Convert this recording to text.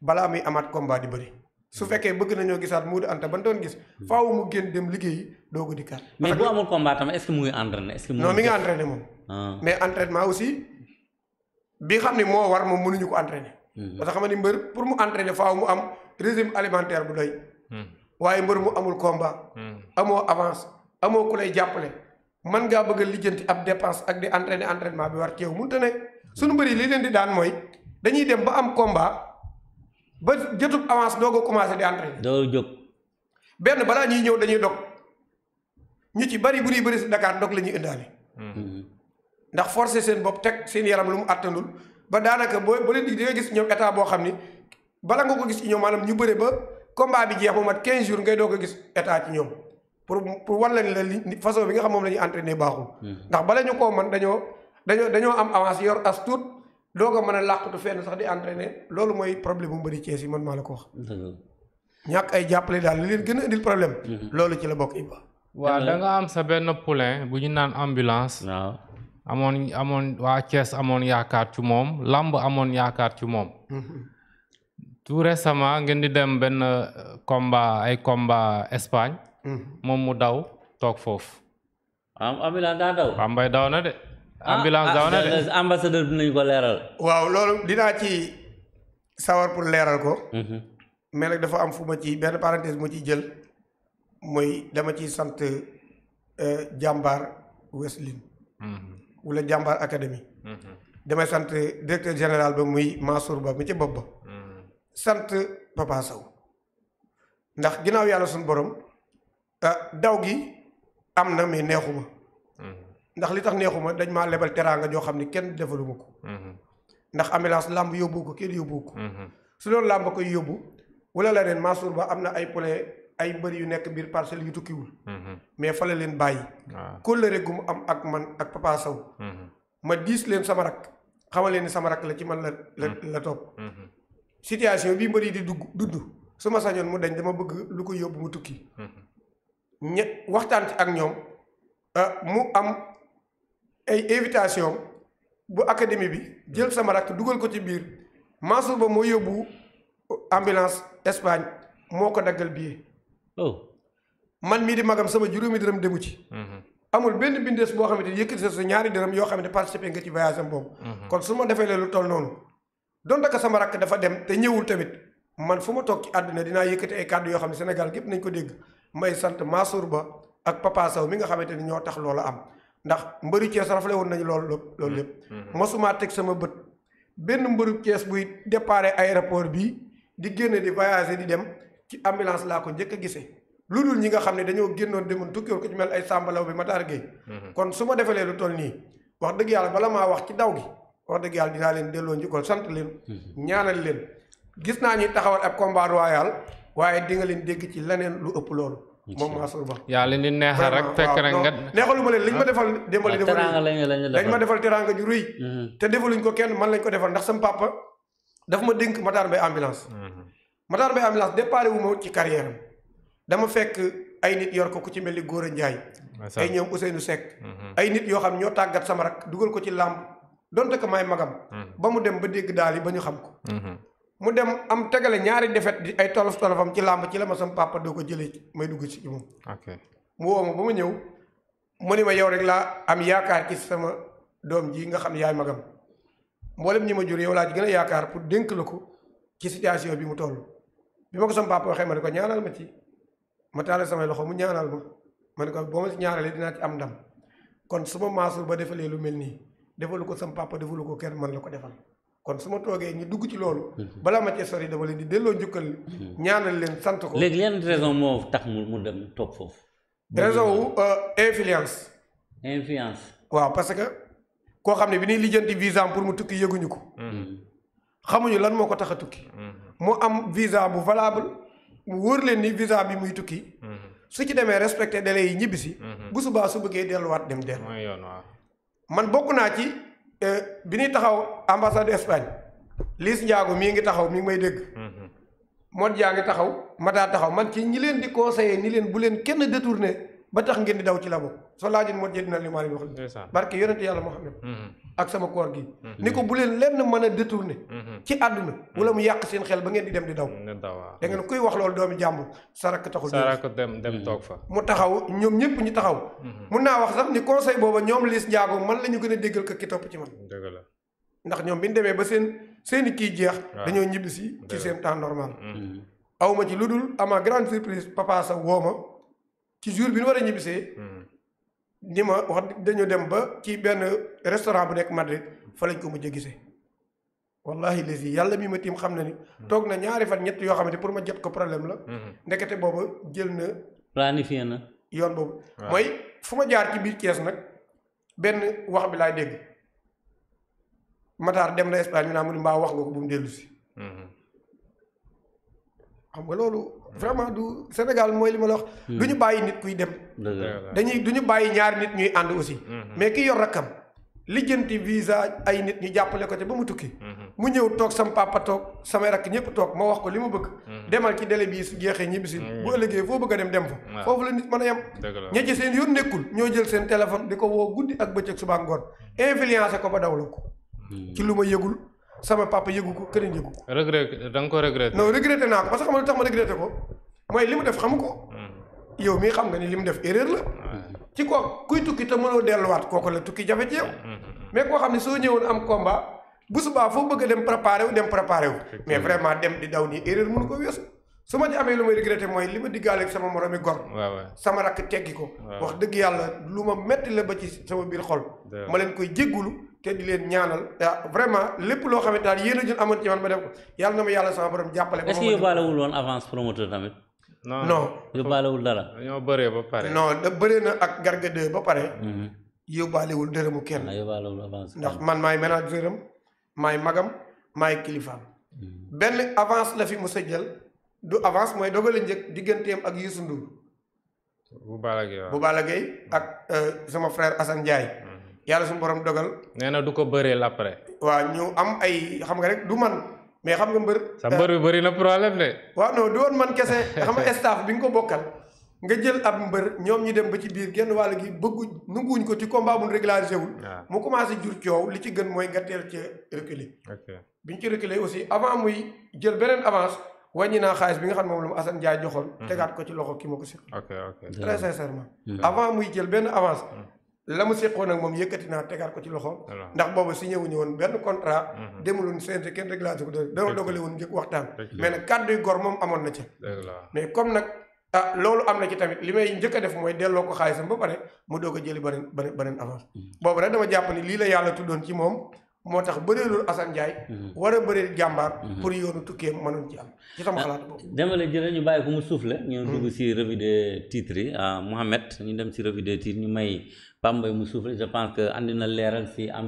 balaa muy amaat combat di bëri su mm. fekkee bëgg nañoo gisaat Modou Anta ban doon gis mm. faaw mu génn dem liggéeyi doog a dikkaat. mais bu amul combat tam est mu ngi entraîné est-ce que non ah. mais entraînement aussi bi xam ne moo war moom mënuñu ko entraîné. Mm. parce que ni mbër pour mu entraîné faaw mu am régime alimentaire bu doy. waaye mbër mu amul combat. amoo avance amoo ku lay jàppale. man ngaa bëgg a lijjanti ab dépense ak di entraîné entraînement bi war teew mënut a ne sunu mbër yi li leen di daan mooy dañuy dem ba am combat. ba jotub avance doog a commencé di entraîné. doo jóg. benn balaa ñuy ñëw dañuy dog ñu ci bari bu ñuy bëri si Dakar dog la ñuy indaale. Mm-hmm. ndax forcer seen bopp teg seen yaram lu mu àttanul ba daanaka boo ba leen nga gis ñoom état boo xam ni bala nga ko gis ci ñoom maanaam ñu bëre ba combat bi jeex ba mat 15 jours ngay doog a gis état ci ñoom pour pour wan leen la li façon bi nga xam moom la ñuy entraîné baaxul. Mm-hmm. ndax bala ñu koo man dañoo dañoo am avance yor doo ko mën a làqutu fenn sax di entraîner loolu mooy problème bu mbëri Cees yi man maa la ko wax. Mhm. ñàkk ay jàppale daal li gën a indil problème. Mhm. loolu ci la bokk Iba. waaw da nga am sa benn poulain bu ñu naan ambulance. waaw amoon amoon waa Cees amoon yaakaar ci moom làmb amoon yaakaar ci moom. Mhm. tout récemment ngeen di dem benn euh, combat ay combat Espagne. moom mu daw toog foofu. am ambulance daa daw. Pambay daw na de. ambulance ah, daw na de ah, nañu ko leeral. waaw loolu dinaa ci sawar pour leeral ko. Mhm. mais nag dafa am fu ma ci benn parenthèse mu ci jël mooy dama ci sant euh, jàmbar Wesleyan. Mhm. wala jàmbaar académie. Mhm. damay sant directeur général ba muy Mansour Ba mu ci bopp ba. sant Papa ndax ginnaaw yàlla suñ borom ah, daw gi am na mais neexuma. ndax li tax neexuma dañ ma lebal teraanga joo xam ne kenn defaluma ko mhm. ndax ambulance làmb yóbbu ko kenn yóbbu ko mhm. su doon làmb koy yóbbu wala la neen Mansour Ba am na ay poulain ay mbëri yu nekk biir parcelle yu tukkiwul mhm. mais fa la leen bàyyi ah. kóllëre gu mu am ak man ak Papa ma diis leen sama rak xamal leen ni sama rakk la ci man la la la topp situation bii mbëri di dugg dudd su ma sañoon mu dañ dama bëgg lu ko yóbbu mu tukki ñe waxtaan ak ñoom ah, mu am ay invitation bu académie bi jël sama rakk dugal ko ci biir Mansour ba moo yóbbu ambulance Espagne moo ko daggal billet. Oh. man mii di magam sama juróomi dërëm demu ci. Mm-hmm. amul benn bindees boo xamante ni yëkkati sa ñaari dërëm yoo xam xamante participé nga ci voyage boobu. Mm-hmm. kon su ma defee la lu toll noonu. donte ko sama rakk dafa dem te ñëwul tamit man fu ma toog ci àdduna dinaa yëkkati ay kàddu yoo xam ne Sénégal gépp nañ ko dégg may sant Mansour Ba ak Papa Sow nga xamante ni ñoo tax loola am. ndax mbëru Cees rafle woon nañu loolu loolu lépp masumaa mm-hmm. mm-hmm. teg sama bët benn mbëru Cees buy dépare aéroport bi di génn di voyager di dem ci ambulance laa ko njëkk a gisee lu dul ñi nga xam ne dañoo génnoon demoon tukki ko ci mel ay sàmbalaw bi taar géey mm-hmm. kon su ma defalee lu toll nii wax dëgg yàlla bala maa wax ci daw gi wax dëgg yàlla dinaa leen delloo njukkal sant leen ñaanal leen gis naa ñuy taxawal ab combat royal waaye di nga leen dégg ci leneen lu ëpp loolu moom Mansour Ba. yaa leen di neexal rek fekk rek nga. neexalu ma leen liñ ma defal. démbali defal dañ ma defal teraanga ju rëy. Mm-hmm. te defaluñ ko kenn man lañ ko defal ndax sama papa daf ma dénk Matar Mbaye ambulance. Mm-hmm. Matar Mbaye ambulance déparé wu ma ci carrière am dama fekk ay nit yor ko ku ci mel ni Gora Ndiaye. ay ñoom Ousseynou Seck. Mm-hmm. ay nit yoo xam ñoo tàggat sama rek dugal ko ci làmb donte ko may magam. ba mu dem ba dégg daal yi ba ñu xam ko. mu dem am tegale ñaari defet di ay tolof tolofam ci làmb ci la ma sam papa doo ko jëlee may dugg ci moom. mu woo ma ba ma ñëw mu ni ma yow rek laa am yaakaar ci sama doom ji nga xam ne yaay magam mboolem ñi ma jur yow laa ci gën a yaakaar pour dénk la ko ci situation bi mu toll. bi ma ko sam papa waxee ma ne ko ñaanal ma ci ma taale samay loxo mu ñaanal ma ma ne ko boo ma ñaanalee dinaa ci am ndam kon su ma maasul ba defalee lu mel nii defalu ko sam papa defalu ko kenn man la ko defal. kon su ma toogee ñu dugg ci loolu. Mhm. balaa ma cee sori dama leen di delloo njukkal. Mhm. ñaanal leen sant ko. léegi yan raison moo tax mu mu dem toog foofu. raison wu euh, influence. influence. waaw parce que koo xam ne bi ñuy lijjanti visa pour mu tukki yëguñu ko. Mhm. xamuñu lan moo ko tax a tukki. mu am visa bu valable mu wóor leen ni visa bi muy tukki. su ci demee respecté délai yi ñibbisi. bu subaa su bëggee delluwaat dem dellu. man bokk naa ci. Euh, bi ñuy taxaw ambassade Espagne Liis Njaago mii ngi taxaw mi ngi may dégg. Mhm. Modou yaa ngi taxaw Mata taxaw man ci ñi leen di conseiller ni leen bu leen kenn détourné. ba tax ngeen di daw ci la bokk soo laajee moo jëndinaa li maa leen wax. barke yonente yàlla Muhammad mm-hmm. ak sama koor gi. Mm-hmm. ni ko bu leen lenn mën a détourné. Mm-hmm. ci àdduna wala mu yàq seen xel ba ngeen di dem di daw. da ngeen kuy wax loolu doomi jàmbur sarak taxul. sarak dem dem toog fa. mu taxaw ñoom ñëpp ñu taxaw. mun naa wax sax ni conseil booba ñoom Liss Ndiago man la ñu gën a déggal ko ki topp ci man. ndax ñoom bi ñu demee ba seen seeni kii jeex. dañoo ñibbisi ci seen temps normal. awma ci lu dul ama grande surprise ci jour bi ñu war a ñibbisee. Hmm. ni ma wax dañu dem ba ci benn restaurant bu nekk Madrid fa lañ ko mu a gisee. wallahi lesi yàlla mi ma tiim xam na ni. Hmm. toog na ñaari fan ñett yoo xam xamante pour ma jot ko problème la. Hmm. ndekete booba jël na. planifié na. yoon boobu. mooy fu ma jaar ci biir Thiès nag benn wax bi laay dégg. Matar dem na Espagne ñu naan mu mbaa wax nga ko bu mu dellu xam loolu hmm. vraiment du Sénégal mooy li ma la wax. Hmm. du ñu bàyyi nit kuy dem. dañuy du ñu bàyyi ñaari nit ñuy ànd aussi. Hmm. mais ki yor rakkam lijjanti visa ay nit ñu jàppale ko te ba mu tukki. mu ñëw toog sama papa toog samay rakk ñëpp toog ma wax ko li ma bëgg. demal ci dele bii su jeexee ñibbisi. bu ëllëgee foo bëgg a dem dem fa. foofu la nit mën a yem. ña ci seen yoon nekkul ñoo jël seen téléphone di ko woo guddi ak bëccëg suba ngoon influencé ko ba dawlu ko. ci lu ma yëgul. sama papa yëgu ko këriñ yëgu ko. regret da nga ko regretté. non regretté naa ko parce que xam nga lu tax ko mooy li mu def xamu ko. Hmm. yow mii xam nga ni li mu def erreur la. ci kooku kuy tukki te mënoo delluwaat kooku la tukki jafe ci yow. Hmm, hmm, mais koo xam ne soo ñëwoon am combat bu subaa foo bëgg a dem préparé wu dem préparé wu. mais vraiment dem di daw nii erreur mënu ko weesu. su ma ci amee lu may mooy li ma diggaaleeg sama moromi gor sama rakk teggi ko wax dëgg yàlla lu ma metti la ba ci sama biir xol ma leen koy jéggulu te di leen ñaanal vraiment lépp loo xamante daal yéen a amoon ci man ma def ko yàlla na ma yàlla sama borom jàppale est-ce que yóbbaalewul woon avance promoteur tamit non non yóbbaalewul dara ñoo bëree ba pare non da bëree na ak garga deux ba pare mhm. yóbbaalewul dërëmu kenn ah, ndax man maay ménageuram maay magam maay kilifaam mhm. benn avance la fi mu sa jël du avance mooy dogale njëkk digganteem ak Youssou Ndour bu Balla Gaye bu Balla ak euh, sama frère Assane Ndiaye. Mhm. yàlla suñu borom dogal. nee na du ko bëree l' après. waaw ñu am ay xam nga rek du man mais xam nga mbër. sa mbër bi bëri na problème de. waaw non woon man kese xam nga staff bi nga ko bokkal. nga jël ab mbër ñoom ñu dem ba ci biir genn wàll gi bëggu nanguwuñ ko ci combat bu ñu régularisé wul. mu commencé jur coow li ci gën mooy nga teel ca reculer. biñ ci reculer aussi avant muy jël beneen avance. wàññi naa xaalis bi nga xam ne moom la mu Assane Ndiaye joxoon. Mhm. tegaat ko ci loxo ki ma ko séq. ok ok très sincèrement. avant muy jël benn avance. Mhm. la mu séqoon nag moom yëkkati naa tegaat ko ci loxo. ndax boobu signé wuñu woon benn contrat. Mhm. demuloon CNG kenn régulation ko dama dogale woon njëkk waxtaan. mais nag kàddu gor moom amoon na ci. mais comme nag ah loolu am na ci tamit li may njëkk a def mooy delloo ko xaalisam ba pare mu doog a jëli beneen beneen avance. boobu nag dama jàpp ci moom moo tax bëreelul Assane Ndiaye. Mhm. war a bëreel jàmbaar. Mhm. pour yoonu tukkee mënoon ci am ci sama ah, xalaat boobu. demale jële ñu bàyyi ko mu suuf la. ñu mhm. dugg si revue de titre yi ah, Mouhamed ñu dem si revue de titre ñu may Pambay mu suuf la je pense que andi na leeral si am.